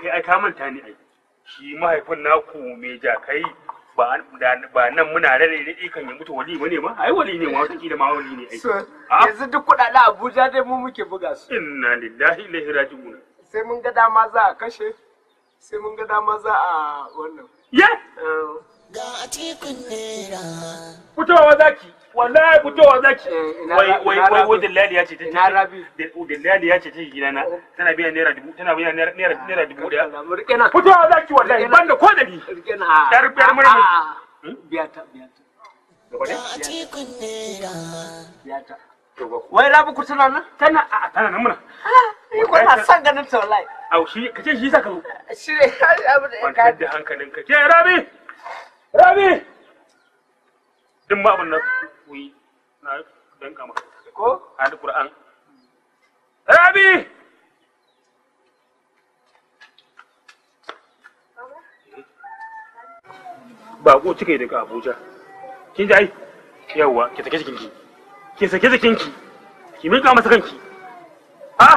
kai eh, ai ka manta ni ai shi mahaifin naku mai jakai ba ba nan muna rare ne kan ya mutu wali bane ma ai wali ne ma wata kila ma wali ne ai ah? yanzu duk kudaden Abuja dai mu muke buga su inna lillahi ilaihi raji'un sai mun ga dama za a kashe sai mun ga dama za a wannan ya eh. ga a tikun nera fitowa zaki wallahi fitowa zaki eh, wai wai wai wai dillali ya ce ta ina oh, dillali ya ce ta gida na tana biyan naira dubu tana biyan naira naira ah, dubu daya fitowa zaki wallahi ban da ko da bi yar yar ah, murmi ah, hmm? biya ta biya ta gaba biya ta wai rabu ku tana nan tana a tana nan muna ni ko na san ganin ta wallahi au shi kace shi saka zo shi ne abu da ka da hankalinka ke rabi rabi din ma abun nan wai na danka ko rabi ba ko daga abuja kin ji ai yawwa ki sake jikinki ki sake jikinki ki mika masa kanki Ha?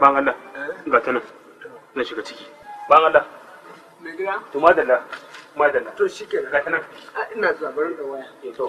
ban Allah eh? ga ta nan zan shiga ciki ban Allah me gida to madalla madalla to shikenan ga ta nan ah, ina zabarin da waya eh, to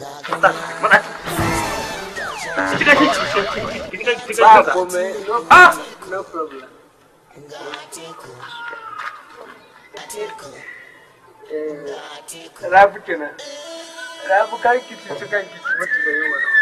Ah, no ah! No problem. rabu kenan. Rabu kan kici, kan kici, mutu da